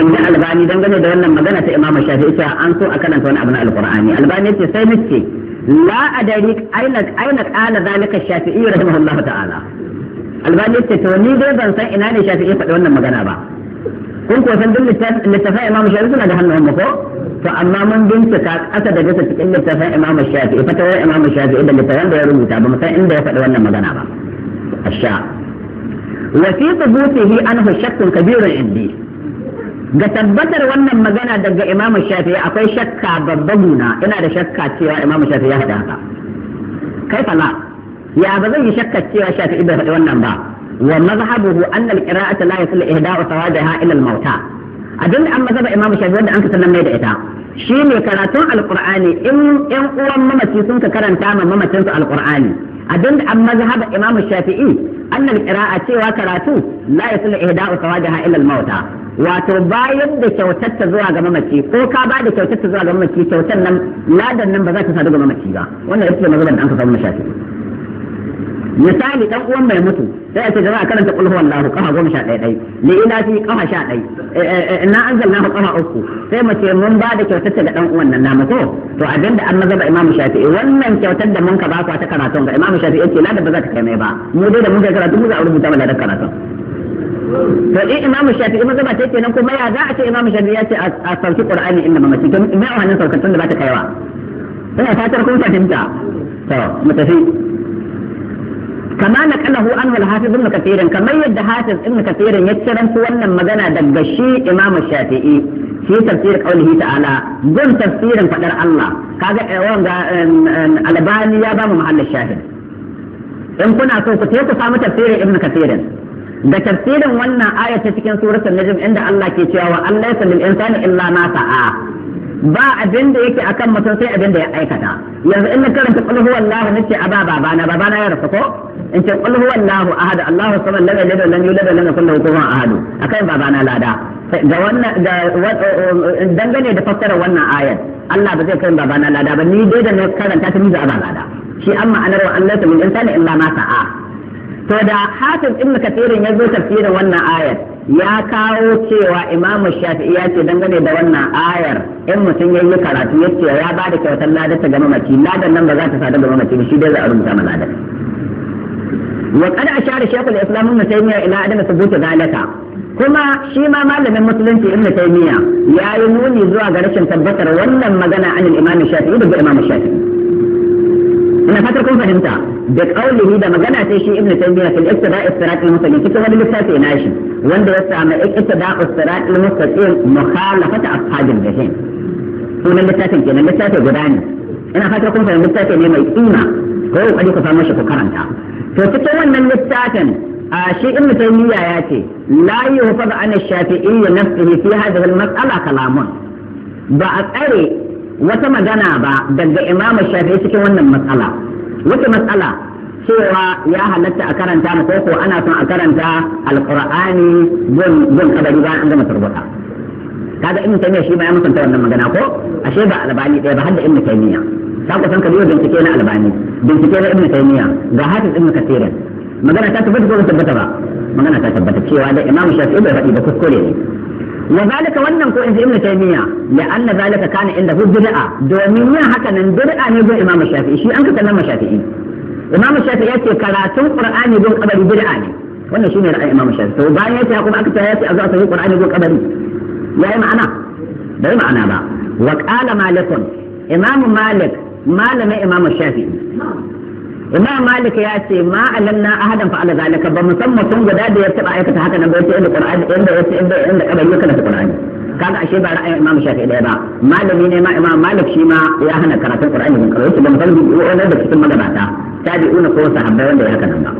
in ji albani dangane da wannan magana ta imamu shafi'i cewa an so a karanta wani abu na alqur'ani albani ce sai nace la adari aina aina qala zalika shafi'i rahimahullahu ta'ala albani ce to ni dai ban san ina ne shafi'i faɗi wannan magana ba kun ko san duk littafin imamu shafi'i suna da hannun mu ko to amma mun bincika ƙasa da gasa cikin littafin imamu shafi'i fatawar imamu shafi'i da littafin da ya rubuta ba mu san inda ya faɗi wannan magana ba asha wa fi thubutihi anhu shakkun kabirun indi ga tabbatar wannan magana daga Imam Shafi akwai shakka babban guna ina da shakka cewa Imam Shafi ya hada haka kai fala ya ba zan yi shakka cewa Shafi'i bai faɗi wannan ba wa mazhabuhu anna al-qira'ata la yasul ihda'u sawadaha ila al-mauta abin da an mazhaba Imam Shafi wanda an kasan sanar mai da ita shi ne karatun alqur'ani in ƴan uwan mamaci sun ka karanta ma mamacin su alqur'ani abin da an mazhaba Imam Shafi'i anna al-qira'a cewa karatu la yasul ihda'u sawadaha ila al-mauta wato bayan da kyautar ta zuwa ga mamaci ko ka ba da kyautar ta zuwa ga mamaci kyautar nan ladan nan ba za ta sadu ga mamaci ba wannan yake magana da an kafa samu shafi. misali dan uwan mai mutu sai a ce jama'a karanta qul huwallahu kafa goma sha ɗaya ɗai ne ina fi kafa sha ɗai eh, eh, eh, na anzalna kafa uku sai mu ce mun ba da kyautar ga dan uwan nan namu ko to abin da an mazaba imamu shafi wannan kyautar da mun ka ba ku ta karatun ga imamu shafi yake ladan ba za ta kai mai ba mu dai da mun kai karatu mu za a rubuta mana da karatun to in imamu shafi'i maza ba ta kenan kuma ya za a ce imamu shafi'i ya ce a sauki qur'ani inda mamaci to me a wannan saukatun da ba ta kaiwa ina fatar kun fahimta to mu tafi kama na kanahu an wal hafiz ibn kathirin kamar yadda hafiz ibn kathirin ya kiranto wannan magana daga shi imamu shafi'i في ta'ala, قوله تعالى جم Allah. فقدر الله كذا وان ya يا mu محل الشاهد in kuna so ku ku samu tafsirin ibnu kasirin da tafsirin wannan aya ta cikin suratul najm inda Allah ke cewa wa Allah yasa lil insani illa ma sa'a ba abin da yake akan mutum sai abin da ya aikata yanzu in na karanta qul huwallahu nace a ba babana babana ya rasu ko in ce qul huwallahu ahad Allahu samad lam yalid wa lam yulad wa lam yakul lahu kufuwan ahad akan babana lada da wannan dangane da fassarar wannan ayat Allah ba zai kai babana lada ba ni dai da na karanta ta ni za a ba lada shi amma anar wa Allah yasa lil insani illa ma sa'a to da hafiz ibn katirin ya zo tafsirin wannan ayar ya kawo cewa imam shafi'i ya ce dangane da wannan ayar in mutum ya yi karatu ya ce ya bada kyautar ladar ta ga mamaci ladar nan ba za ta sadar da mamaci ba shi dai za a rubuta ma ladar wa kada ashara shaykhul islam ibn taymiya ila adana thubuti zalika kuma shi ma malamin musulunci ibn taymiya ya yi nuni zuwa ga rashin tabbatar wannan magana anil imam shafi'i daga imam shafi'i ina fatar kun fahimta da kaulihi da magana sai shi ibnu taymiya fil ittida istiratil mustaqim kika wani littafi na shi wanda ya samu ittida istiratil mustaqim mukhalafata ashabil jahim sunan littafin kenan littafi guda ne ina fata kun fahimci littafi ne mai kima ko kaje ku samu shi ku karanta to cikin wannan littafin a shi ibnu taymiya ya ce la yuhfaz an ash-shafi'i nafsihi fi hadhihi al-mas'ala kalamun ba a tsare wata magana ba daga imamu shafi'i cikin wannan matsala wata matsala cewa ya halatta a karanta mu koko ana son a karanta alqur'ani don kabari ba an gama turbuta kaga in taymiya shi ma ya musanta wannan magana ko ashe ba albani ɗaya ba har da ibn taymiya ta kusan ka biyo bincike na albani bincike na ibn taymiya ga hafiz ibn kasirin magana ta tabbata ko ba tabbata ba magana ta tabbata cewa da imamu shafi'i bai faɗi ba kuskure ne وذلك wannan ko inji ibnu taymiya la'anna zalika kana inda hu bid'a domin yin haka nan bid'a ne gun imam shafi'i shi an ka kallon shafi'i imam shafi'i yace karatun qur'ani gun kabari bid'a ne wannan shine ra'ayin imam shafi'i to bayan yace kuma aka tsaya yace a zuwa sai qur'ani gun kabari yayi ma'ana bai ma'ana ba wa qala malikun malik malamin imam shafi'i imam malik ya ce ma alanna ahadan fa'ala zalika ba musamman tun guda da ya taba aikata haka nan ba yace inda qur'ani inda yace inda inda kabari ya karanta qur'ani kaga ashe ba ra'ayin imam shafi'i daya ba malami ne ma imam malik shi ma ya hana karatun qur'ani mun karanta da musamman wanda da cikin magabata tabi'una ko sahabbai wanda ya haka nan ba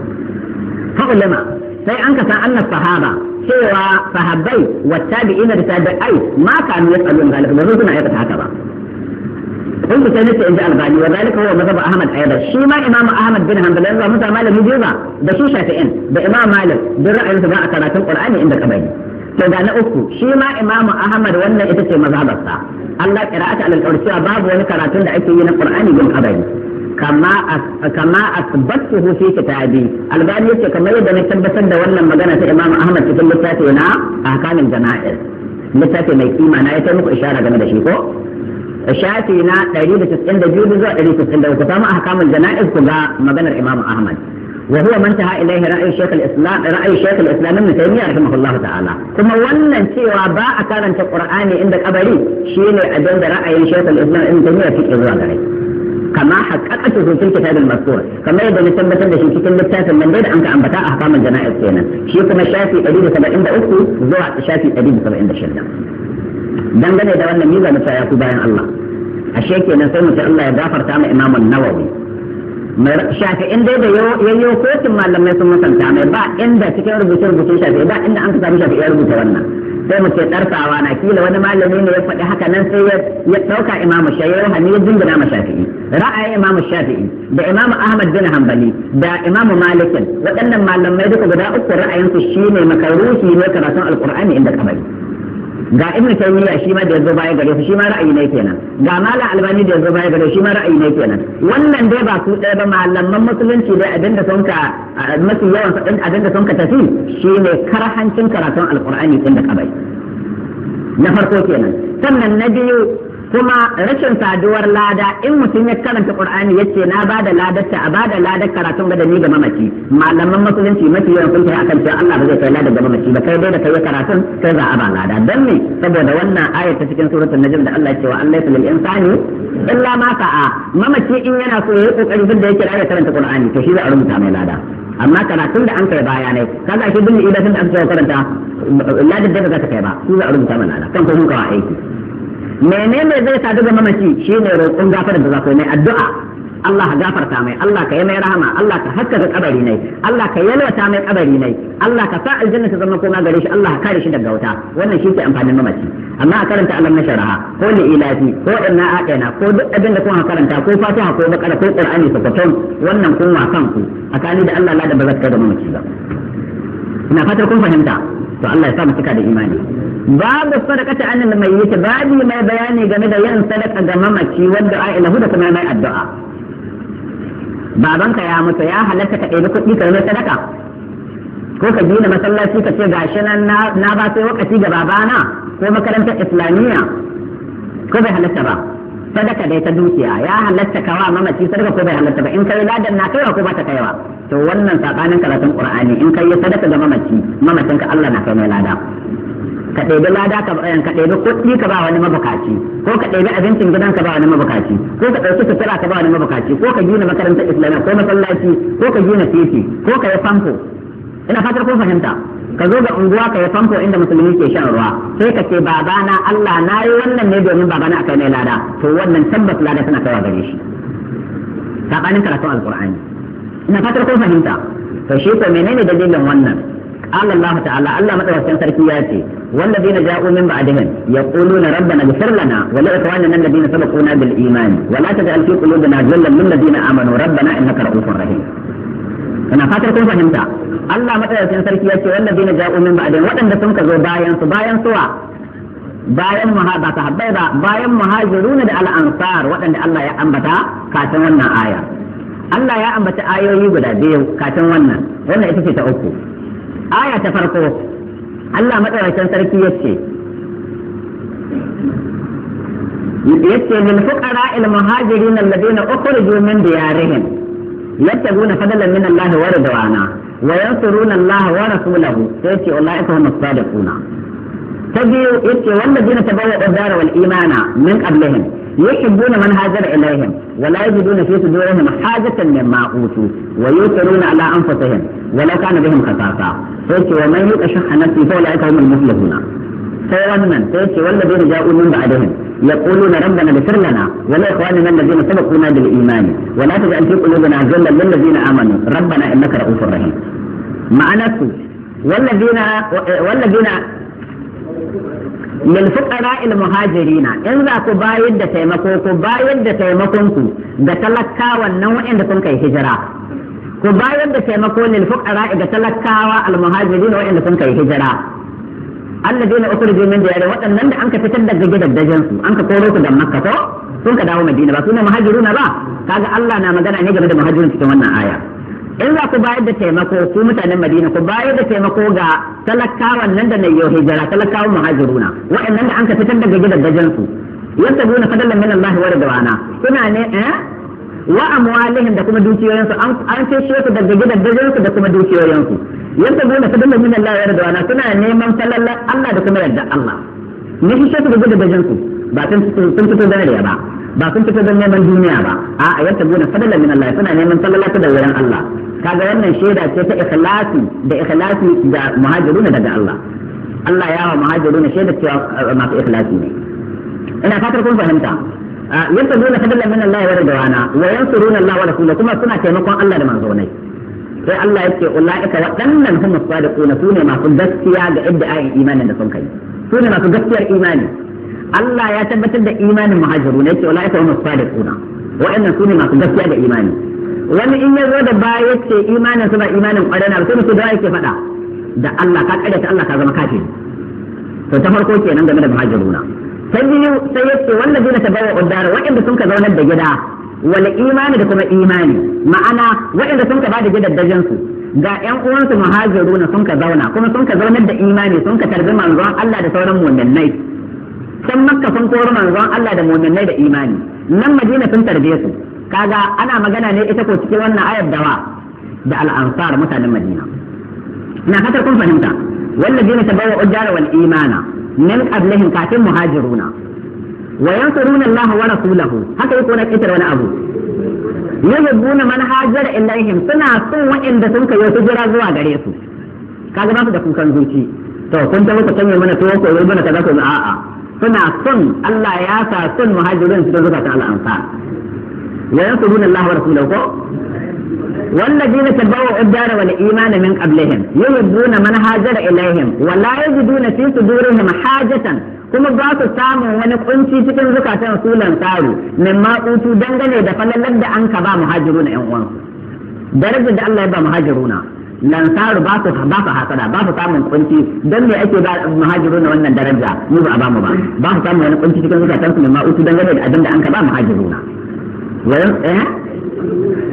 fa ulama sai an kasa anna sahaba cewa sahabbai wa tabi'ina da tabi'ai ma kanu yasalun zalika ba sun suna aikata haka ابن تيمية إن جاء الغالي وذلك هو مذهب أحمد أيضا شيما إمام أحمد بن حنبل يرضى متى مالك يجوزا ده شو شافعين ده إمام مالك ده رأي سبعة ثلاثين قرآن عند كبير to da na uku shi ma imamu ahmad wannan ita ce mazhabarsa Allah qira'ata alal qursiya babu wani karatun da ake yi na qur'ani gun abari kama kama asbattuhu fi kitabi albani yace kamar yadda na tabbatar da wannan magana ta imamu ahmad cikin littafi na ahkamul jana'ir littafi mai kima na ya muku ishara game da shi ko شافي نا دليل تسعين دجوز زا دليل تسعين دو كتام أحكام الجنائز كذا مبنى الإمام أحمد وهو ما انتهى إليه رأي شيخ الإسلام رأي شيخ الإسلام ابن تيمية رحمه الله تعالى ثم ولا شيء وباء كان في القرآن عندك أبدي شيل أدون رأي شيخ الإسلام ابن تيمية في إبراهيم كما حققت في الكتاب المذكور كما يبدو ان تم تبدا شيء كتاب المكتاب من غير ان تعم احكام الجنائز كينا شيء كما اديب سبع عند اختي زرع شافي اديب سبع عند شده دم بني ميزه مثل يا الله ashe kenan sai mu Allah ya gafarta ma Imam Nawawi shafi'in dai da yayyo kotun malamai sun musanta mai ba inda cikin rubuce rubuce shafi'i ba inda an ka samu shafi'i ya rubuta wannan sai mu ce tsarkawa na kila wani malami ne ya faɗi haka nan sai ya ɗauka imamu shafi'i hannu ya dingina ma shafi'i ra'ayin imamu shafi'i da imamu ahmad bin hanbali da imamu malikin waɗannan malamai duka guda uku ra'ayinsu shine makaruhi ne karatun alƙur'ani inda kamari ga Ibn taymiya shi ma da yazo baya gare shi ma ra'ayi ne kenan ga malam albani da yazo baya gare shi ma ra'ayi ne kenan wannan dai ba su ɗaya ba malaman musulunci dai abin da sun mafi yawan abin da sun ka tafi karhancin karatun alqur'ani din da kabai na farko kenan sannan na biyu kuma rashin saduwar lada in mutum ya karanta qur'ani yace na bada ladarta a bada ladar karatun ga ni ga mamaci malaman musulunci mafi yawan sun kai akan cewa Allah ba zai kai ladar ga mamaci ba kai dai da kai karatun kai za a ba lada dan ne saboda wannan ayar ta cikin suratul najm da Allah ya ce wa Allah lil insani illa ma sa'a mamaci in yana so yayi kokari duk da yake da karanta qur'ani to shi za a rubuta mai lada amma karatun da an kai baya ne kaga shi duk idan da an karanta ladar da ba za ta kai ba shi za a rubuta mai lada kan ko mun kawo aiki menene zai sadu ga mamaci shine roƙon gafarar da za ku yi mai addu'a Allah gafarta mai Allah ka yi mai rahama Allah ka ga kabari nai Allah ka yalwata mai kabari nai Allah ka sa aljanna ta zama koma gare shi Allah ka kare shi daga wuta wannan shi ke amfanin mamaci amma a karanta Allah na sharaha ko ni ilafi ko inna aqina ko duk abin da kuma karanta ko fatiha ko bakara ko qur'ani ko kwaton wannan kun wa kanku akali da Allah la da bazaka da mamaci ba ina fatar kun fahimta to Allah ya sa mu cika da imani babu sadaqati anil mayyit babu mai bayani game da yin sadaka ga mamaci wanda a ilahu da kuma mai addu'a babanka ya mutu ya halatta ka ɗebi kuɗi ka mai sadaka ko ka gina masallaci ka ce gashi nan na ba sai wakati ga babana ko makarantar islamiyya ko bai halatta ba sadaka dai ta dukiya ya halatta kawa mamaci sadaka ko bai halatta ba in kai ladan na kaiwa ko ba ta kaiwa to wannan sabanin karatun qur'ani in kai sadaka ga mamaci mamacin ka Allah na kai mai lada ka ɗebi lada ka eh, ka ɗebi kuɗi ka ba wani mabukaci ko ka ɗebi abincin gidan ka ba wani mabukaci ko ka ɗauki sutura ka ba wani mabukaci ko ka gina makarantar islamiyya ko masallaci ko ka gina titi ko ka yi famfo ina fatar ko fahimta ka zo ga unguwa ka yi famfo inda musulmi ke shan ruwa sai ka ce babana Allah na yi wannan ne domin babana akai mai lada to wannan tabbas lada tana kaiwa gare shi saɓanin karatun Alƙur'ani ina fatar ko fahimta to shi ko menene dalilin wannan قال الله تعالى الله مدوكين سركياتي والذين جاءوا من بعدهم يقولون ربنا اغفر لنا ولإخواننا الذين سبقونا بالإيمان ولا تجعل في قلوبنا غلا للذين آمنوا ربنا إنك رؤوف رحيم ina fatar kun fahimta Allah madaukakin sarki yace wallazina ja'u min ba'din wadanda sun ka zo bayan su bayan suwa bayan muha ba sahabbai ba bayan muhajiruna da al-ansar wadanda Allah ya ambata kafin wannan aya Allah ya ambaci ayoyi guda biyu kafin wannan wannan ita ce ta uku آية تفرقوا ألا مدعو عشان تركي يكشي يكشي للفقراء المهاجرين الذين أخرجوا من ديارهم يبتغون فضلا من الله ورضوانا وينصرون الله ورسوله يكشي أولئك هم الصادقون تجيو يكشي والذين تبوا الدار والإيمان من قبلهم يحبون من هاجر إليهم ولا يجدون في صدورهم حاجة مما أوتوا ويؤثرون على أنفسهم ولو كان بهم خصاصة sai ce wa man yuqa shahha nafsi fa ulaika humul muflihuna sai wannan sai ce wanda bai ja'u min ba'dihim yaquluna rabbana ighfir lana wa li ikhwanina alladhina sabaquna bil iman wa la taj'al fi qulubina ghillan lil ladzina amanu rabbana innaka ra'ufur rahim ma'anatu والذين والذين للفقراء المهاجرين in za ku bayar da taimako ku bayar da taimakon ku ga talakawan nan wanda kun kai hijira su bayar da taimako lil fuqara ga talakawa al muhajirin wa'anda sun kai hijira alladina ukhriju min diyarihim waɗannan da anka fitar daga gidajen su anka koro su da makka ko sun ka dawo madina ba sunan muhajiruna ba kaga Allah na magana ne game da muhajirin cikin wannan aya in za ku bayar da taimako ku mutanen Madina ku bayar da taimako ga talakawan nan da nayo hijira talakawan muhajiruna waɗannan da anka fitar daga gidajen su yasabuna fadalan min Allah wa ridwana kuna ne eh wa amwalihim da kuma dukiyoyinsu an ce su daga gidajensu da kuma dukiyoyinsu yadda mun da fadalla min Allah ya yarda wa suna neman falalla Allah da kuma yarda Allah ne shi su daga gidajensu ba sun fito da riya ba ba sun fito don neman duniya ba a a yadda mun da min Allah suna neman falalla ta da wurin Allah kaga wannan shaida ce ta ikhlasi da ikhlasi da muhajiruna daga Allah Allah ya wa muhajiruna shaida cewa eh, masu ikhlasi ne ina fatar kun fahimta Ah, yastaduna fadlan min Allah wa ridwana wa yansuruna Allah wa rasulahu kuma suna taimakon Allah ya manzo ne sai Allah yake ulaika waɗannan humus sadiquna sune masu gaskiya ga idda'in imanin da sun kai sune masu gaskiyar imani Allah ya tabbatar da imanin muhajiruna yake ulaika humus sadiquna waɗannan sune masu gaskiya da imani wani in ya zo da baya yace imanin su ba imanin ƙwarana sai mutum da yake faɗa da Allah ka ta Allah ka zama kafiri to ta farko kenan game da muhajiruna ta biyu sai yace wanda zai ta bawa uddara waɗanda sun ka zaunar da gida wal imani da kuma imani ma'ana waɗanda sun ka bada gidajen su ga ƴan uwansu na sun ka zauna kuma sun ka zaunar da imani sun ka tarbi manzon Allah da sauran mu'minnai san makka sun koro manzon Allah da mu'minnai da imani nan madina sun tarbe su kaga ana magana ne ita ko cikin wannan ayar dawa da al-ansar mutanen madina na fatar kun fahimta والذين تبوأوا الدار imana. min qablihim kafin muhajiruna wa yansuruna Allah wa rasulahu haka yake na kitar wani abu yuhibbuna man hajara ilaihim suna son waɗanda sun kai wasu jira zuwa gare su kaga ba su da kukan zuci to kun ta muku canye mana tuwo ko mana kaza ko a'a suna son Allah ya sa son muhajirin su da zuka ta al'ansa wa yansuruna Allah wa rasulahu والذين تبوأوا الدار والإيمان من قبلهم يحبون من هاجر إليهم ولا يجدون في صدورهم حاجة kuma ba su samun wani kunci cikin zukatan su lantaru min ma kutu dangane da falalar da an ka ba muhajiruna yan uwan darajar da Allah ya ba muhajiruna lantaru ba su ba su ba su samun kunci dan me ake ba muhajiruna wannan daraja mu ba a ba mu ba ba su samun wani kunci cikin dangane da an ka ba muhajiruna wayan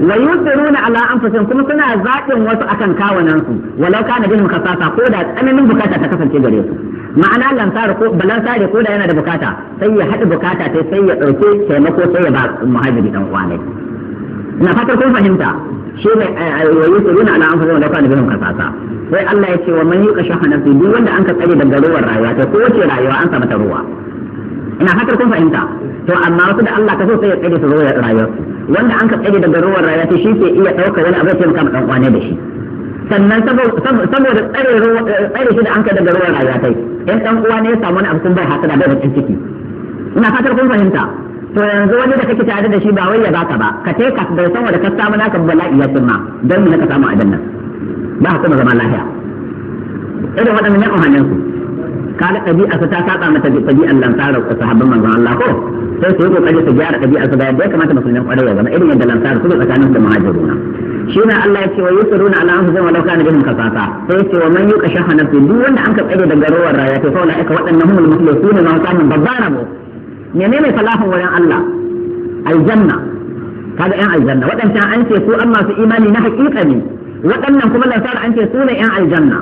wa yusiruna ala anfusihim kuma suna zaɓin wasu akan kawunan su walau kana bihim kasasa ko da tsananin bukata ta kasance gare su ma'ana lansare ko balansare ko da yana da bukata sai ya haɗa bukata ta sai ya ɗauke taimako sai ya ba muhajiri dan uwanai na fatar kun fahimta shi ne eh, eh, wa yusiruna ala anfusihim walau kana bihim kasasa sai Allah ya ce wa man yuqashaha nafsi duk wanda an ka tsare daga ruwan rayuwa sai ko ce rayuwa an samu ta ruwa ina fatar kun fahimta to amma wasu da Allah ka so sai ya tsare su zuwa rayuwar wanda an ka tsare daga ruwan rayuwa shi ke iya dauka wani abu sai kan dan kwane da shi sannan saboda tsare tsare shi da an ka daga ruwan rayuwa kai in dan uwa ne ya samu wani abu sun bai hasada bai cikin ciki ina fatar kun fahimta to yanzu wani da kake tare da shi ba wai ya baka ba ka kai ka bai san wanda ka samu naka bala'i ya cimma dan ne ka samu a nan ba ka kuma zama lafiya irin waɗannan ne a hannun su kaga ɗabi'arsa ta saba mata ɗabi'ar lansara ta sahabban manzon Allah ko sai su yi kokari su gyara ɗabi'arsa da yadda ya kamata musulmin kwarai ya zama irin yadda lansara su tsakanin da muhajiruna shi na Allah ya ce wa yusiruna ala anfusihim walau kana bihim kasasa sai ya ce wa man yuqa shaha nafsi duk wanda an ka tsare daga rawar raya to fa ulaika waɗannan humul muflihuna ma samun babban rabo menene salahun wajen Allah aljanna kaga yan aljanna waɗancan an ce su amma su imani na haƙiƙa ne waɗannan kuma lansara an ce su ne yan aljanna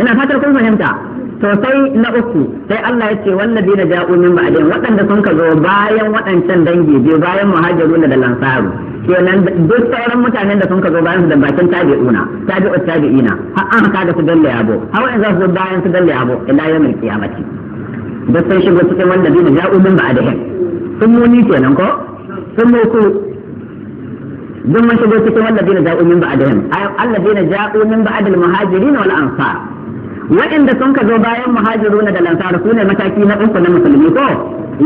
ina fatar kun fahimta to sai na uku sai Allah ya ce wallabi na ja'u min ba'din waɗanda sun ka zo bayan waɗancan dangi biyu bayan muhajiruna da lansaru kenan duk sauran mutanen da sun ka zo bayan su da bakin tabi'una tabi'u tabi'ina har an ka da su dalle yabo har wa'in za su bayan su dalle yabo ila yawmin qiyamati duk sun shigo cikin wallabi na ja'u min ba'dihim sun muni kenan ko sun muku duk mun shigo cikin wallabi na ja'u min ba'dihim allabi na ja'u min ba'dil muhajirin wal ansar waɗanda sun ka zo bayan na da lansar su ne mataki na uku na musulmi ko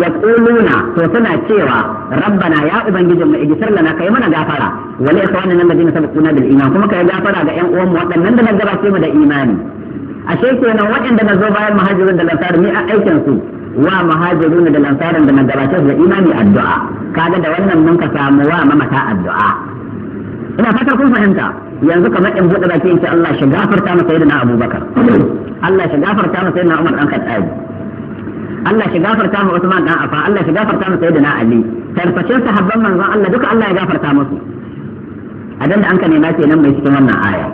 ya ƙuluna to suna cewa rabbana ya ubangijin mai igisar lana kai mana gafara wani ya sawanin nan da jini kuna bil iman kuma kai gafara ga yan uwan waɗannan da na gabace mu da imani ashe kenan waɗanda na zo bayan muhajirun da lansar ni a aikin su wa na da lansarin da na gabace su da imani addu'a kaga da wannan mun ka samu wa mamata addu'a ina fatar kun fahimta yanzu kamar in buɗe baki in ce Allah shi gafarta masa yadda na Abubakar Allah shi gafarta masa yadda na Umar dan Khattabi Allah shi gafarta masa Usman dan Affan Allah shi gafarta masa yadda na Ali tarfashin sahabban manzon Allah duka Allah ya gafarta musu a da an ka nema kenan mai cikin wannan aya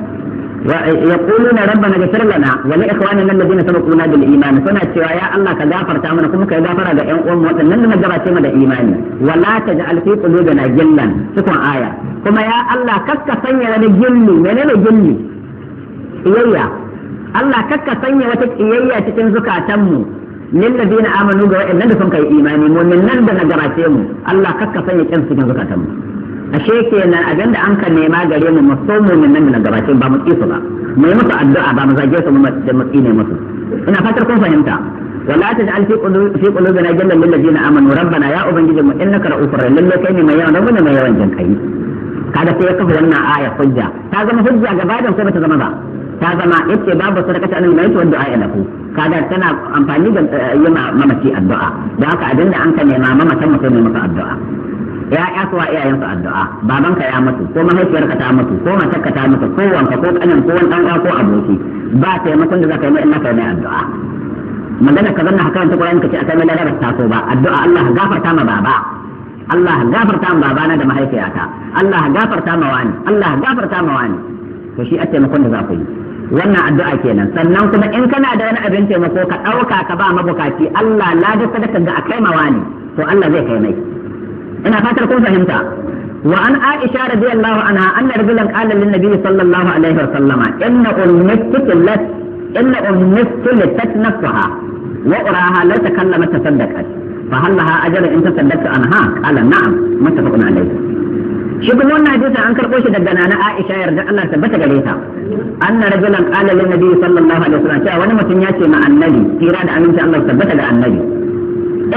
ويقولون ربنا اغفر لنا ولاخواننا الذين سبقونا بالايمان سنة cewa ya Allah ka gafarta mana kuma ka gafara ga ƴan uwan waɗannan da na gabace mu da imani wala taj'al fi qulubina gillan cikin aya kuma ya Allah kakka sanya wani gilli menene gilli iyayya Allah kakka sanya wata iyayya cikin mu zukatanmu lillazina amanu ga waɗannan da sun kai imani mu nan da na gabace mu Allah kakka sanya kin cikin mu. ashe kenan abinda an ka nema gare mu mu so nan nan gabatin ba mu kisu ba mu yi addu'a ba mu zage su mu da mu kine musu ina fatar kun fahimta wala taj'al fi qulubi fi qulubina jallan lil ladina amanu rabbana ya ubangiji mu innaka ra'ufur rahim lalle kai ne mai yawan rabbana mai yawan jin kai kada sai ya kafa wannan aya hujja ta zama hujja gabatin ko bata zama ba ta zama yace babu sadaqata anil mayt wa du'a lahu kada tana amfani da eh, yana mamaci addu'a da haka abinda an ka nema mamatan mutum ne masa addu'a ya'ya su wa iyayensu addu'a babanka ya mutu ko mahaifiyarka ta mutu ko matarka ta mutu ko wanka ko kanin ko wani ɗan ko aboki ba taimakon da za ka yi na kai mai addu'a magana ka zanna hakan ta ce a kai mai ta ko ba addu'a Allah gafarta ma baba Allah gafarta ma babana da mahaifiyata Allah gafarta ma wani Allah gafarta ma wani to shi a taimakon da za ku yi wannan addu'a kenan sannan kuma in kana da wani abin taimako ka ɗauka ka ba mabukaci Allah ladar sadaka ga akai ma wani to Allah zai kai mai ina fatar kun fahimta وعن عائشة رضي الله عنها أن رجلا قال للنبي صلى الله عليه وسلم إن أمك قتلت إن أمك قتلت نفسها وأراها لو تكلمت تصدقت فهل لها أجر إن تصدقت عنها؟ قال نعم متفق عليه shi kuma wannan hadisi an karbo shi daga nana Aisha yarda Allah tabbata gare ta anna rajulan qala lin nabi sallallahu alaihi wasallam cewa wani mutum ya ce ma annabi kira da aminci Allah tabbata ga annabi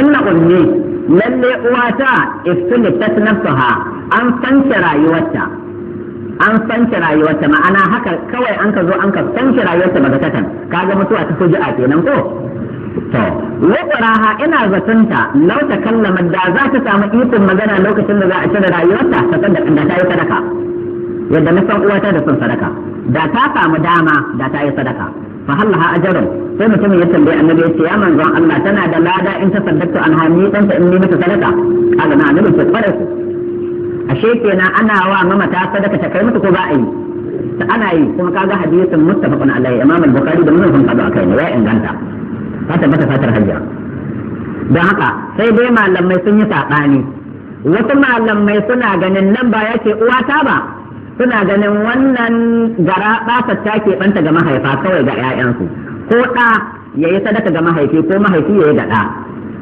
inna ummi lalle uwata istulifat nafsaha an fanke rayuwarta an fanke rayuwarta ma'ana haka kawai an ka zo an ka fanke rayuwarta daga katan kaga mutuwa ta a kenan ko to wakaraha ina zatunta lau ta kallama da za ta samu ikon magana lokacin da za a cire rayuwarta ta da ta yi sadaka yadda na san uwata da son sadaka da ta samu dama da ta yi sadaka fa laha ajrun sai mutumin ya tambaye annabi ya ce ya manzon Allah tana da lada in ta saddaka alhami dan ta in ni mata sadaka kaga na annabi ce kware su ashe kenan ana wa mama ta sadaka ta kai mata ko ba a yi ta ana yi kuma kaga hadisin muttafaqun alaihi imam al-bukhari da muslim sun fado akai ne ya inganta ta tabbata fatar hajja Dan haka sai dai malamai sun yi saɓani wasu malamai suna ganin nan ba yake uwata ba suna ganin wannan gara ɓata ta keɓanta ga mahaifa kawai ga 'ya'yansu ko ɗa ya yi sadaka ga mahaifi ko mahaifi ya yi ga ɗa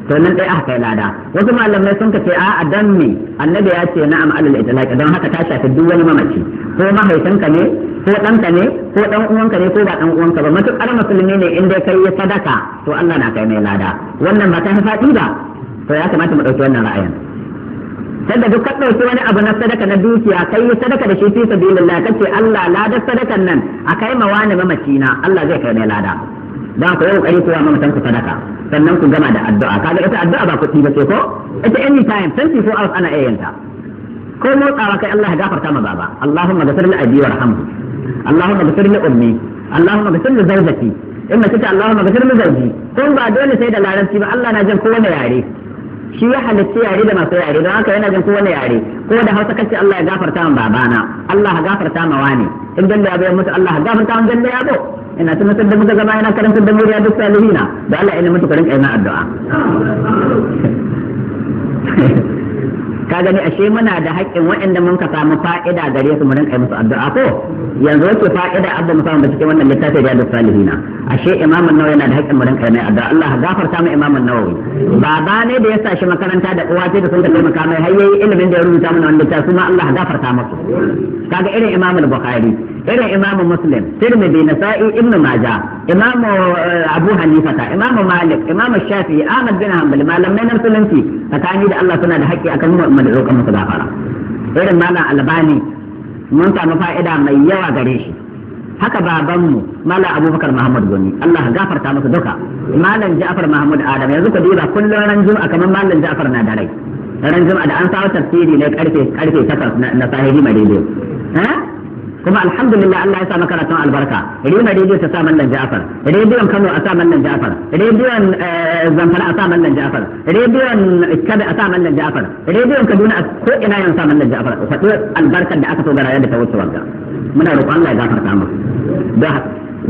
to nan ɗaya aka kai lada wasu malamai sun kace a dan me annabi ya ce na'am alal itlaq dan haka ta shafi duk wani mamaci ko mahaifinka ne ko ɗanka ne ko ɗan uwanka ne ko ba ɗan uwanka ba matukar musulmi ne in dai kai ya sadaka to Allah na kai mai lada wannan ba ta faɗi ba to ya kamata mu ɗauki wannan ra'ayin sanda duk ka ɗauki wani abu na sadaka na dukiya kai yi sadaka da shi fi sabilillah kace Allah lada sadakan nan a kai ma wani mamaci na Allah zai kai mai lada dan ku yi kokari ku wa mamatan ku sadaka sannan ku gama da addu'a kaga ita addu'a ba ku kuɗi ba ce ko ita anytime 24 hours ana iya yanta ko tsara kai Allah ya gafarta ma baba Allahumma ghfir li abi warhamhu Allahumma ghfir li ummi Allahumma ghfir li zawjati in mace ta Allahumma ghfir li zawji kun ba dole sai da larabci ba Allah na jin kowane yare shi ya halitta yare da masu yare don haka yana jin kowane yare ko da hausa kace Allah ya gafarta min babana Allah ya gafarta ma wani in dalla ya bayar mutu Allah ya gafarta min dalla ya bo ina tunatar da muka zama yana karanta da muriya duk salihina da Allah ya mutu karin kaina addu'a ka gani ashe muna da haƙƙin waɗanda mun ka samu fa'ida gare su mu rinƙa musu addu'a ko yanzu wace fa'ida abba Musamman samu da cikin wannan littafi da da salihina ashe imam an-nawawi yana da haƙƙin mu rinƙa mai addu'a Allah gafarta mu imam an-nawawi baba ne da ya sa shi makaranta da uwa ce da sun ka taimaka mai hayyayi ilimin da ya rubuta mana wannan littafi kuma Allah gafarta musu kaga irin imam al-bukhari irin imamu muslim tirmidhi nasa'i ibnu maja imamu eh, abu hanifata imamu malik imamu shafi ahmad bin hanbal malamai na musulunci tsakani da Allah suna da haƙƙi akan mu da roƙon musu gafara irin malam albani mun samu fa'ida mai yawa gare shi haka babanmu malam abubakar muhammad goni Allah gafarta masa duka malam ja'far muhammad adam yanzu ka duba kullum ran juma'a kamar malam ja'far na da rai ran juma'a da an samu tafsiri ne karfe karfe 8 na sahihi madaidai ha kuma alhamdulillah Allah ya sa makaratun albarka rima rediyo ta sa mallan Ja'far rediyon Kano a sa mallan Ja'far rediyon Zamfara a sa mallan Ja'far rediyon Kada a sa mallan Ja'far rediyon Kaduna a ko ina yan sa mallan Ja'far faɗi albarkar da aka so garaya da ta wuce wanga muna roƙon Allah ya gafarta mu da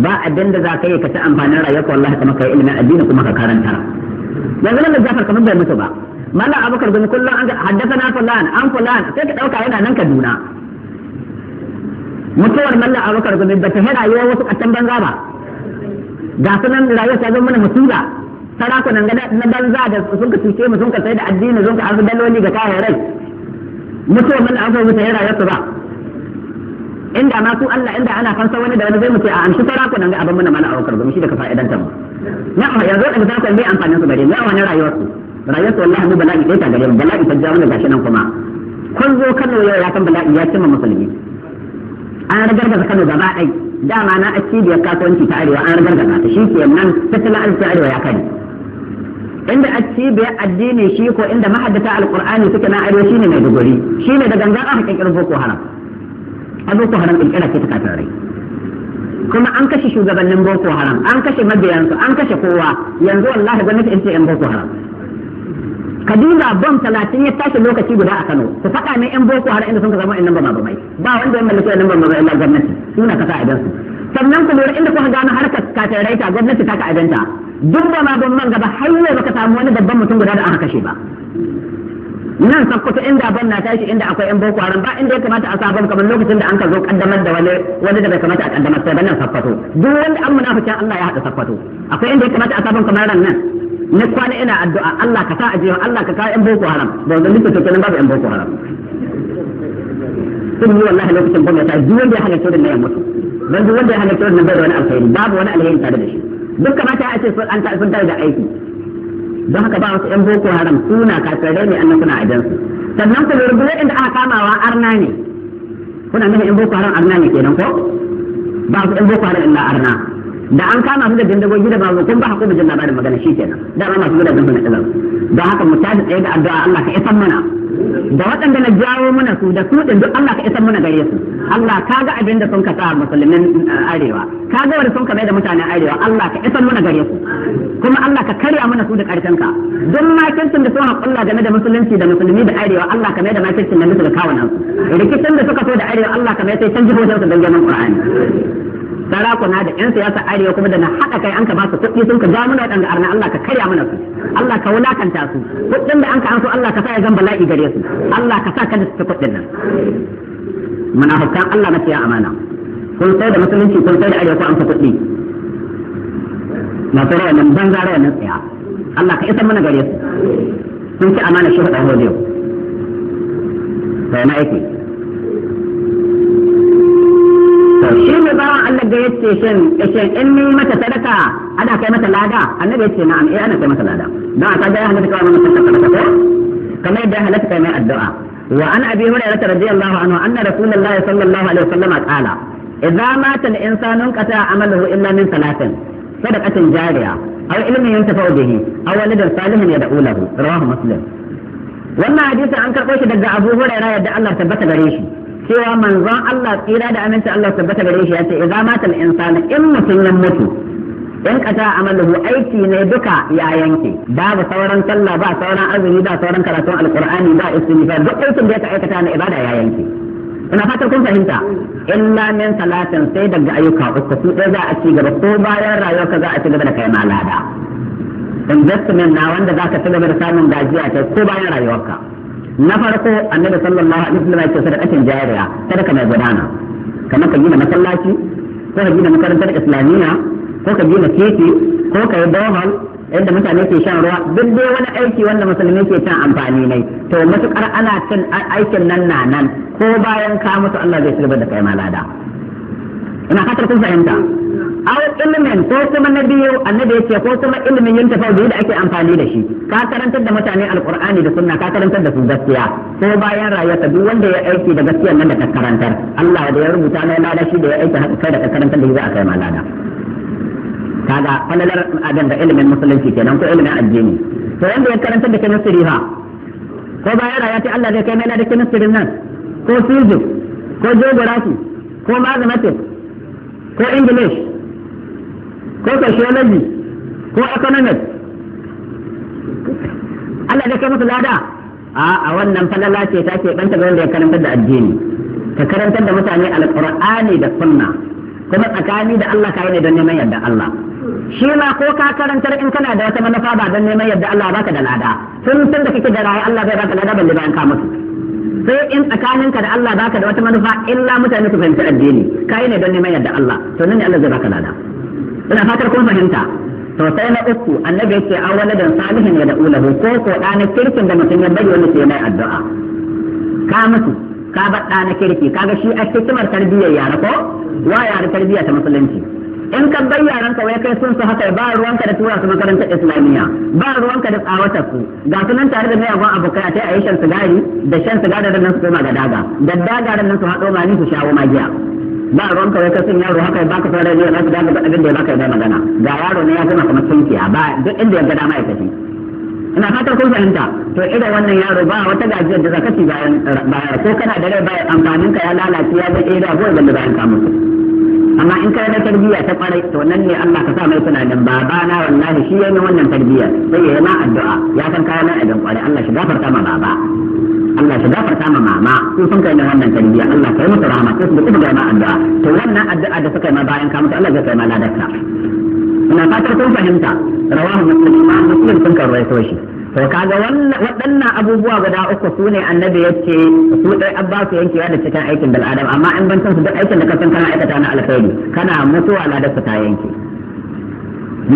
ba abin da zaka yi ka ta amfanin rayuwar wallahi kuma ka yi ilimin addini kuma ka karanta yanzu mallan Ja'far kamar bai mutu ba mallan Abubakar gani kullum an haddasa na fulan an fulan sai ka dauka yana nan Kaduna mutuwar malla abubakar gumi ba ta yi rayuwar wasu ƙasan banza ba ga sunan rayuwar ta zama mana musula sarakunan na banza da sun ka cuce mu sun ka sai da addini sun ka arzu daloli ga kayan rai mutuwar malla abubakar ba ta yi rayuwar ba inda ma su Allah inda ana fansa wani da wani zai mutu a amshi sarakunan ga abin mana a abubakar gumi shi da ka fa'idanta mu amma yanzu da sarakunan bai amfanin su gare mu yawan rayuwar su rayuwar su wallahi mu bala'i ɗaya ta gare mu bala'i ta jawo da gashi nan kuma kun zo Kano yau ya san bala'i ya cimma musulmi an ragargaza Kano gaba ɗai dama na a cibiyar kasuwanci ta arewa an ragargaza ta shi ke nan tattalin arzikin arewa ya kani inda a cibiyar addini shi ko inda mahaddata alkur'ani suke na arewa shine mai dogori shine da gangan aka kirkiri boko haram a boko haram kirkira ce ta rai kuma an kashe shugabannin boko haram an kashe mabiyansu an kashe kowa yanzu wallahi gwamnati in ce yan boko haram ka duba bom talatin ya tashi lokaci guda a Kano su faɗa ne yan boko har inda sun ka zama yan bama bamai ba wanda ya mallaki yan bama bamai gwamnati suna kasa a su sannan ku lura inda kuka gano harkar kafin raita gwamnati ta ka abinta duk bama bamman gaba har yau baka samu wani babban mutum guda da aka kashe ba nan sakkwato inda ban na tashi inda akwai yan boko haram ba inda ya kamata a sabon kamar lokacin da an ka zo kaddamar da wani wani da bai kamata a kaddamar sai ba nan sakkwato duk wanda an munafikin Allah ya haɗa sakkwato akwai inda ya kamata a sabon kamar nan ni kwana ina addu'a Allah ka sa ajiya Allah ka kawo yan boko haram ba zan nika kenan babu yan boko haram sun yi wallahi lokacin gwamnati ta duk wanda ya halarci da ya mutu dan duk wanda ya halarci da bai da wani alheri babu wani alheri tare da shi duk kamata a ce sun an ta sun tare da aiki don haka ba wasu yan boko haram suna kafirai ne annan suna ajansu sannan ku lura inda aka kamawa arna ne kuna nuna yan boko haram arna ne kenan ko ba su yan boko haram illa arna da an kama su da bindigogi da babu kun ba haƙo da bijin labarin magana shi kenan da ba masu gudanar da ɗazar don haka mu tashi tsaye da addu'a Allah ka isan mana da waɗanda na jawo mana su da su ɗin duk Allah ka isan mana gare su Allah ka ga abin da sun ka sa musulmin eh, arewa ka ga wanda sun ka mai da mutanen arewa Allah ka isan mana gare su kuma Allah ka karya mana su da ƙarfin ka don makircin da sun haƙo haƙulla game da musulunci da musulmi da arewa Allah ka mai da makircin da musu da kawunan rikicin da suka so da arewa Allah ka mai sai can jihohinsu don girman Qur'ani sarakuna da yan siyasa arewa kuma da na haɗa kai an ka ba su kuɗi sun ka ja mana ɗan arna Allah ka karya mana su Allah ka wulakanta su kuɗin da an ka an so Allah ka sa ya zan bala'i gare su Allah ka sa ka da su kuɗin nan muna munafikan Allah na ya amana kun sai da musulunci kun sai da arewa ko an ka kuɗi na tsara nan ban zara nan tsaya Allah ka isa mana gare su sun ci amana shi hudu hudu yau sai na aiki Allah ga yace shin shin in ni mata sadaka ana kai mata lada annabi yace na'am eh ana kai mata lada dan aka ga annabi kawai mun sadaka ko kamar yadda halatta kai mai addu'a wa an abi hurairah radiyallahu anhu anna rasulullahi sallallahu alaihi wasallam qala idza mata al-insanu qata amaluhu illa min salatin sadaqatin jariya aw ilmin yantafa bihi aw waladan salihin yad'u lahu rawahu muslim wannan hadisi an karɓo shi daga Abu Hurairah yadda Allah tabbata gare shi cewa manzon Allah tsira da aminci Allah tabbata gare shi ya ce idza mata al-insanu in mutum ya mutu in kata amaluhu aiki ne duka ya yanke babu sauran sallah ba sauran azumi ba sauran karatun alqur'ani ba istighfar duk aikin da ya aikata na ibada ya yanke ina fatan kun fahimta illa min salatin sai daga ayyuka uku su za a ci gaba ko bayan rayuwarka za a ci gaba da kai malada investment na wanda ka ci gaba da samun gajiya ta ko bayan rayuwarka na farko annabi sallallahu alaihi wasallam yake sadaqatin jariya sadaka mai gudana kamar ka gina masallaci ko ka gina makarantar islamiyya ko ka gina titi ko ka yi bohol yadda mutane ke shan ruwa duk dai wani aiki wanda musulmi ke cin amfani ne to matukar ana cin aikin nan na nan ko bayan ka mutu Allah zai shirba da kai malada ina fatar kun fahimta aw ilimin ko kuma na biyu annabi yace ko kuma ilimin yin tafawu da ake amfani da shi ka karantar da mutane alkur'ani da sunna ka karantar da su gaskiya ko bayan rayuwarka duk wanda ya aiki da gaskiya nan da ka karantar Allah da ya rubuta na lada shi da ya aiki haka kai da ka karantar da shi za a kai ma lada kaga falalar adan da ilimin musulunci kenan ko ilimin addini to wanda ya karantar da chemistry ha ko bayan rayuwa Allah zai kai mai lada chemistry nan ko physics ko geography ko mathematics ko english ko sociology ko economics Allah da kai musu lada a wannan falala ce ta ke banta ga wanda ya karanta da addini ka karantar da mutane alqur'ani da sunna kuma tsakani da Allah kai ne don neman yarda Allah shi ma ko ka karantar in kana da wata manufa ba don neman yarda Allah baka da lada tun tun da kake da rayu Allah bai baka lada balle bayan ka mutu sai in tsakaninka da Allah baka da wata manufa illa mutane su fahimci addini kai ne don neman yarda Allah to nan ne Allah zai baka lada ina fatar kun fahimta to sai na uku annabi yake an wani dan salihin ya da'u lahu ko ko ɗana kirkin da mutum ya bari wani sai mai addu'a ka mutu ka bar ɗana kirki kaga shi a hikimar tarbiyyar yara ko wa yara tarbiyya ta musulunci in ka bar yaran ka wai kai sun su haka ba ruwanka da tura su makarantar islamiyya ba ruwan ka da tsawatar su ga sunan tare da miyagun abokai a tai a shan sigari da shan sigari da nan su koma ga daga da daga da nan su haɗo mani su shawo magiya ba ruwan ka ka sun yaro haka ba ka fara ne ka daga abin da ya baka yi magana ga yaro ne ya zama kamar tunkiya ba duk inda ya ga dama ya ina fatan kun fahimta to idan wannan yaro ba wata gajiyar da zaka ci bayan ko kana da rai bayan amfanin ka ya lalace ya zai ira ko da bayan ka musu amma in kai da tarbiyya ta kwarai to nan ne Allah ka sa mai tunanin baba na wallahi shi yayin wannan tarbiyya sai yayi ma addu'a ya san kayan na idan kwarai Allah shi gafarta ma baba Allah shi gafarta ma mama sun kai da wannan tarbiyya Allah kai musu rahama sai su da ga ma addu'a to wannan addu'a da suka yi ma bayan ka mutu Allah zai kai ma ladarka ina fatar kun fahimta rawahu muslim ma muslim sun to shi to kaga waɗannan abubuwa guda uku su ne annabi ya ce su ɗai an su yankewa da cikin aikin bil adam amma in ban san su duk aikin da ka san kana aikata na alkhairi kana mutuwa ladarsa ta yanke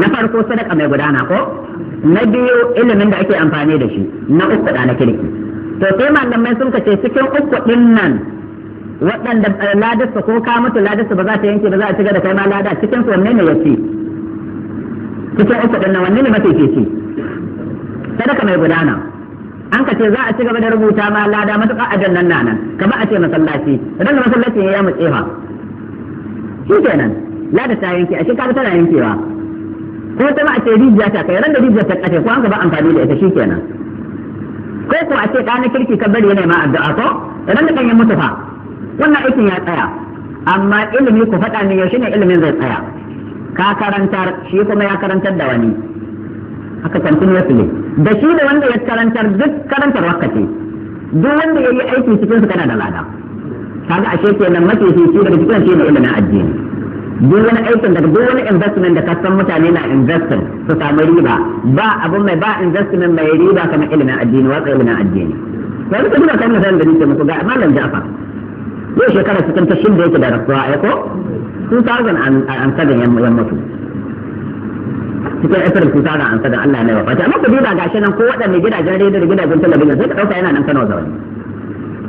na farko sadaka mai gudana ko na biyu ilimin da ake amfani da shi na uku da na kirki to sai malamai sun kace cikin uku din nan waɗanda eh, ladarsa ko ka mutu ladarsa ba za ta yanke ba za a ci da kai ma lada cikin su wanne ne ya ce cikin uku din nan wanne ne mafi ce sadaka mai gudana an ka ce za a ci gaba da rubuta ma lada matuƙa ajan nan na nan ba a ce masallaci idan da masallaci ya mu tsefa shi kenan lada ta yanke a shi shekara tana yankewa ko ta ma a ce rijiya ta kai ran da rijiya ta kace ko an ka ba amfani da ita shi kenan ko ko a ce ɗana kirki ka bari yana ma addu'a ko idan da kan yi mutu fa wannan aikin ya tsaya amma ilimi ku faɗa min yaushe ne ilimin zai tsaya ka karantar shi kuma ya karantar da wani haka continuously da shi da wanda ya karantar duk karantar wakati duk wanda ya yi aiki cikin su kana da lada kaga ashe kenan mafi shi shi daga cikin shi ne ilimin addini duk wani aikin daga duk wani investment da kasan mutane na investing su samu riba ba abun mai ba investment mai riba kamar ilimin addini watsa ilimin addini yanzu duka duba kan nasarar da nike muku ga malam jafa yau shekara cikin ta da yake da rasuwa ai eh ko 2007 ya mutu cikin asirin su tara an sadar Allah ne wa fata amma ku duba gashi nan ko waɗanne gidajen rediyo da gidajen talabijin sai ka ɗauka yana nan Kano zaune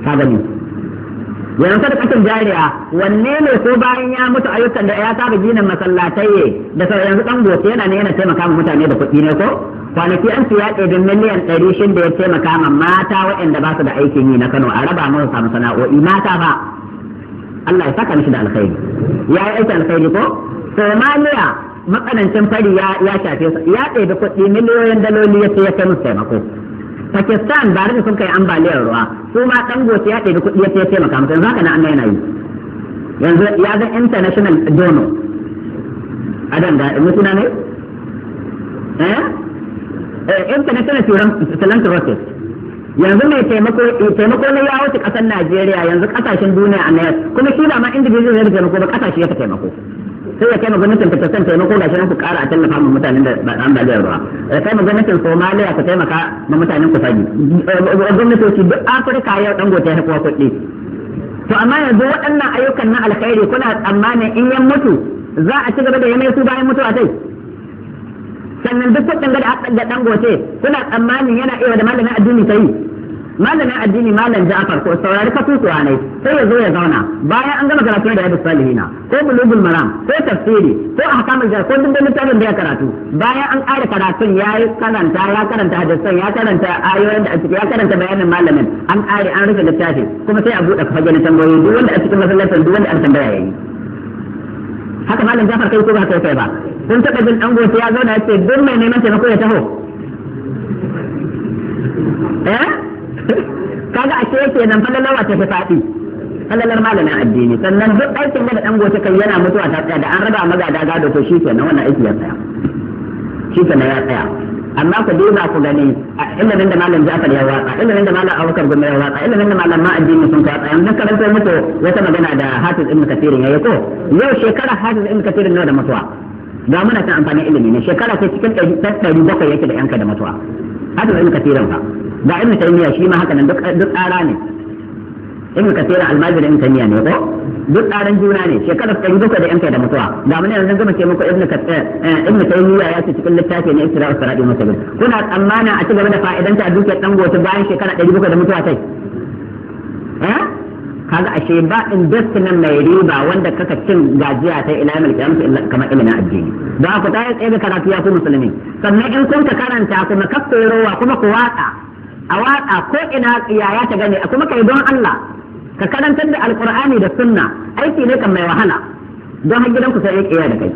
ka gani yanzu da kasan jariya wanne ne ko bayan ya mutu ayyukan da ya saba ginin masallatai da sau yanzu dan gobe yana ne yana taimaka ma mutane da kuɗi ne ko kwanaki an siya ɗaiɗin miliyan ɗari shin da ya taimaka ma mata waɗanda ba su da aikin yi na Kano a raba musu samu sana'o'i mata ba Allah ya saka mishi da alkhairi ya yi aikin alkhairi ko Somaliya matsanancin fari ya shafe su ya ɗebi kuɗi miliyoyin daloli ya ce ya kai musu taimako pakistan ba da sun kai ambaliyar ruwa su ma ɗan goce ya ɗebi kuɗi ya ce ya taimaka musu yanzu haka na annai yi yanzu ya ga international donor adam da mutuna ne eh, eh international philanthropist yanzu mai taimako taimako ne ya wuce kasar Najeriya yanzu ƙasashen duniya a nayar kuma shi ba ma individual ne da taimako ba ƙasashe ya taimako sai ya kai ma gwamnatin Pakistan taimako ga shi ku kara a tallafa ma mutanen da ba an baliyar ruwa ya kai ma gwamnatin Somalia ku taimaka ma mutanen ku fadi eh, gwamnatoci duk Afirka yau dangote ya kuwa kuɗi to amma yanzu waɗannan ayyukan na alkhairi kuna tsammanin in yan mutu za a ci gaba da yamai su bayan mutuwa sai sannan duk kuɗin da da gote kuna tsammanin yana iya da malamin addini ta yi malamin addini malam Ja'far ko saurari ka tuku ne sai ya zo ya zauna bayan an gama karatu da yadda salihina ko bulugul maram ko tafsiri ko ahkamul jar ko duk da littafin da ya karatu bayan an ƙara karatun ya karanta ya karanta hadisan ya karanta ayoyin da a ya karanta bayanin malamin an ƙare an rufe littafi kuma sai a buɗe fage na tambayoyi duk wanda a cikin masallacin duk wanda an tambaya yayi haka malam Ja'far kai ko ba kai ba kun taɓa jin ɗan gosi ya zauna ya ce duk mai neman taimako ya taho eh kaga a ce yake nan fallalar wace ta faɗi fallalar malamin addini sannan duk aikin da dan goce kai yana mutuwa ta tsaya da an raba da gado to shi nan wannan aiki ya tsaya shi nan ya tsaya amma ku duba ku gani a ilimin da malam Ja'far ya watsa ilimin da malam Abubakar Gumi ya watsa ilimin da malam ma addini sun ka watsa yanzu karanta mutu wata magana da Hafiz Ibn Kathir yayi ko yau shekara Hafiz Ibn Kathir nawa da mutuwa ga muna kan amfani ilimi ne shekara ta cikin ɗari bakwai yake da yanka da mutuwa haka da ibn kasiran fa ga ibn taymiya shi ma haka nan duk duk tsara ne ibn kasira almajir ibn taymiya ne ko duk tsaran juna ne shekara ta yi duka da yanka da mutuwa ga mun yanzu gama ce muku ibn kasir eh, eh, ibn taymiya ya ce cikin littafi ne isra usradi musulun kuna tsammana a cigaba da fa'idanta a dukiyar goto bayan shekara ɗari duka da mutuwa kai eh kaga ashe ba investment mai riba wanda kaka cin gajiya ta ila mai kiyamata kamar ilimin addini da ku ta yake da karatu ya ku musulmi sannan in kun ka karanta kuma kafin rowa kuma ku watsa a watsa ko ina yaya ta gane kuma kai don Allah ka karantar da alqur'ani da sunna aiki ne kan mai wahala don har gidanku sai ya da kai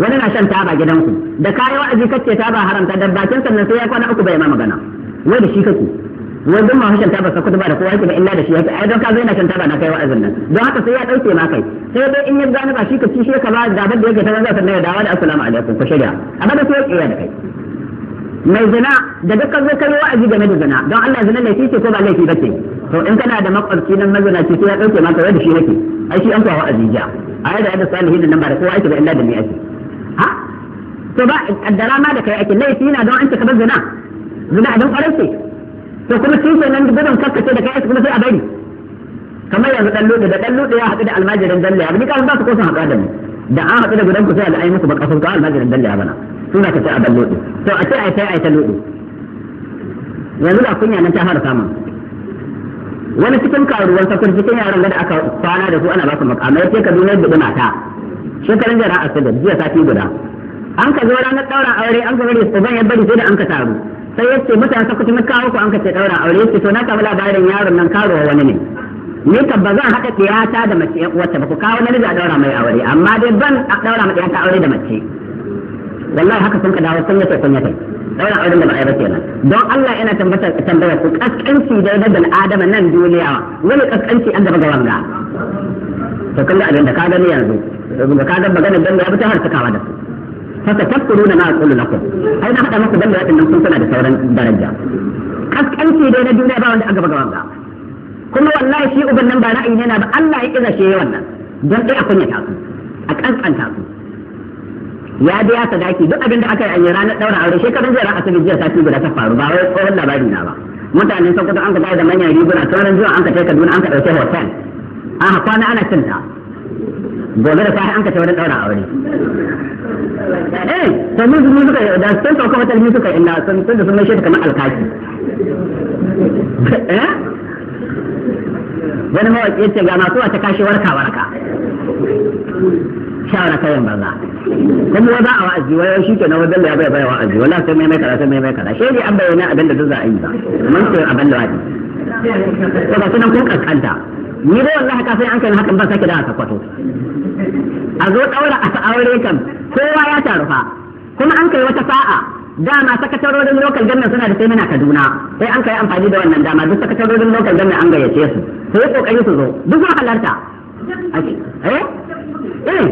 wani na shan taba gidanku da kai wa'azi kace taba haramta da bakin sannan sai ya kwana uku bai ma magana wai da shi kake wai duk masu shanta ba sa kudu ba da kowa yake ba illa da shi yake ai don ka zo yana shanta ba na kai wa'azin nan don haka sai ya dauke ma kai sai dai in ya gane ba shi ka ci shi ka ba da da yake tana zata sanna ya dawo da assalamu alaikum ku shirya amma da sai ya tsira da kai mai zina da dukkan zai kai wa'azi game da zina don Allah zina ne shi ce ko ba laifi bace to in kana da makwarci nan mazina ce sai ya dauke ma kai da shi yake ai shi an kwa wa'azi ja ai da da salihin nan ba da kowa yake ba illa da ni ake ha to ba addara ma da kai ake laifi na don an ce ka bar zina zina don ƙarfi to kuma shi nan gudun kaskace da kai kuma sai a bari kamar yanzu dan lode da dan lode ya haɗu da almajirin dalle abin kan ba su ko sun haɗa da ni da an haɗu da gudan ku sai al'ai musu ba kafin ka almajirin dalla ya bana suna ka sai a dan lode to a ce ai sai ai ta lode yanzu da kunya nan ta fara samun wani cikin karuwan sakon cikin yaran da aka kwana da su ana ba su makamai sai ka duniyar da mata shekarun jara a sadar jiya sati guda an ka zo ranar ɗaura aure an ka bari zan yi bari sai da an ka taru sai ya ce mutane sa kuma kawo ku an ka ce daura aure yace to na bala labarin yaron nan karo wani ne ni ka ba zan haɗa ɗiyata da mace wacce ba ku kawo na a daura mai aure amma dai ban a daura mai ɗiyata aure da mace wallahi haka sun ka dawo sun yace sun yace daura aure da ba a ba kenan don Allah yana tambatar tambayar ku kaskanci dai da dan adama nan duniya wani kaskanci an gaba ga wanga to kun abin da ka gani yanzu ka ga magana dan da ya fita har sakawa da su fasa tafkuru na ma'aqulu lakum ai na faɗa muku banda waɗannan sun suna da sauran daraja kaskanci dai na duniya ba wanda aka buga wanda kuma wallahi shi uban nan ba ra'ayi ne na ba Allah ya kiza shi wannan don dai a kunyata su a kaskanta su ya biya sadaki duk abinda aka yi a yi ranar daura aure shekarun jiya ran asibiti jiya sati guda ta faru ba wai tsohon labari na ba mutanen sokoto an ka da manyan riguna sauran zuwa an ka kai kaduna an ka ɗauke hotel a kwana ana cinta gobe da safe an kace wani daura aure eh to mun mun suka da sun kuma wata mun suka inda sun sun da sun mai shi kamar alkaki eh wani wace ce ga masu wata kashi warka warka shawara kayan banza kuma wa za a wa'azi wa shi ke na wajen da ya bai bai wa'azi wala sai mai mai kada sai mai mai kada shi ne an bayyana abin da duk za a yi ba mun ce abin da wa'azi to ba sunan kun kaskanta ni dai wallahi ka sai an kai hakan ba sake da aka kwato a zo daura a aure kan kowa ya taru fa kuma an kai wata sa'a dama sakatarorin lokal gannan suna da sai muna Kaduna sai an kai amfani da wannan dama duk sakatarorin lokal gannan an gayyace su sai kokari su zo duk sun halarta eh eh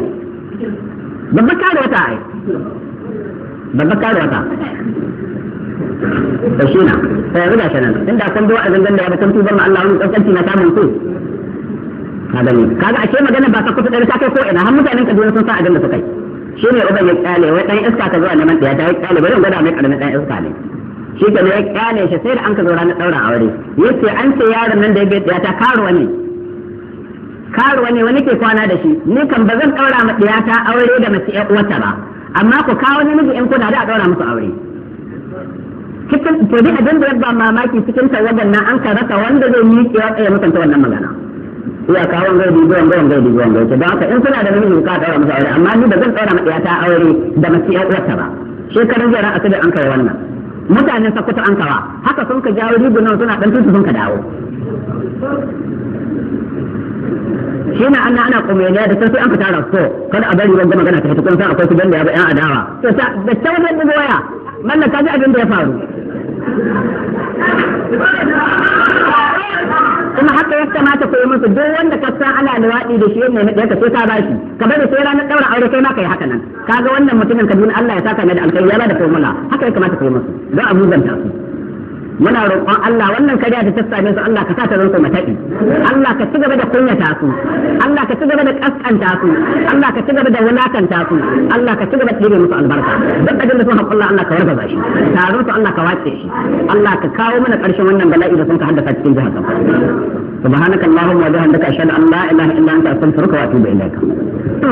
babbar kare wata ai babbar kare wata da shi na sai yanzu ga shi inda tunda kun zo a zangan da ya ba kun tuban ma Allah wani kankanci na samun ku ka gani kaga ashe magana ba ka kusa da ta kai ko ina har mutanen Kaduna sun sa a ganda su kai shi ne uban ya kyale wai dan iska ka zuwa neman ɗaya ta ya kyale bari in gwada mai karamin dan iska ne shi ke ya kyale shi sai da an ka zo ranar ɗaura aure yace an ce yaron nan da ya bai ɗaya ta karuwa ne karuwa ne wani ke kwana da shi ni kan ba zan ɗaura ma ɗaya ta aure da mace ƴan uwarta ba amma ku kawo ni miji in kuna da a ɗaura musu aure cikin to dai abin da ya ba mamaki cikin tawagan nan an ka rasa wanda zai miƙe ya tsaya mutunta wannan magana iya kawon zai dubi wanda wanda ya dubi wanda yake don haka in suna da namiji ka daura masa aure amma ni ba zan daura ma ta aure da mace ya uwarta ba shekaran jiya ran asibi an kai wannan mutanen sakuta an kawa haka sun ka jawo nawa suna dan tutu sun ka dawo shi na ana kumeliya da sai an fita tara kada a bari wanda magana ta fita kun san akwai su banda ya ba yan adawa to da ta wajen waya mallan ka ji abin da ya faru kuma haka ya kamata ko yi musu duk wanda ka san ana luwaɗi da shi ne da ka sai ka bashi ka bari sai ranar daura aure kai ma kai haka nan kaga wannan mutumin ka Allah ya saka ne da alƙawari ya ba da formula haka ya kamata ko yi musu don abu zanta su muna roƙon Allah wannan kariya ta same su Allah ka sa ta zanto mataki Allah ka cigaba da kunyata su Allah ka cigaba da kaskanta su Allah ka cigaba da wulakanta su Allah ka cigaba da dire musu albarka duk abin da sun haƙulla Allah ka wargaza shi taron su Allah ka wace shi Allah ka kawo mana ƙarshen wannan bala'i da sun ka haddasa cikin jihar Zamfara subhanakallahumma wa bihamdika ashhadu an la ilaha illa anta astaghfiruka wa atubu ilaik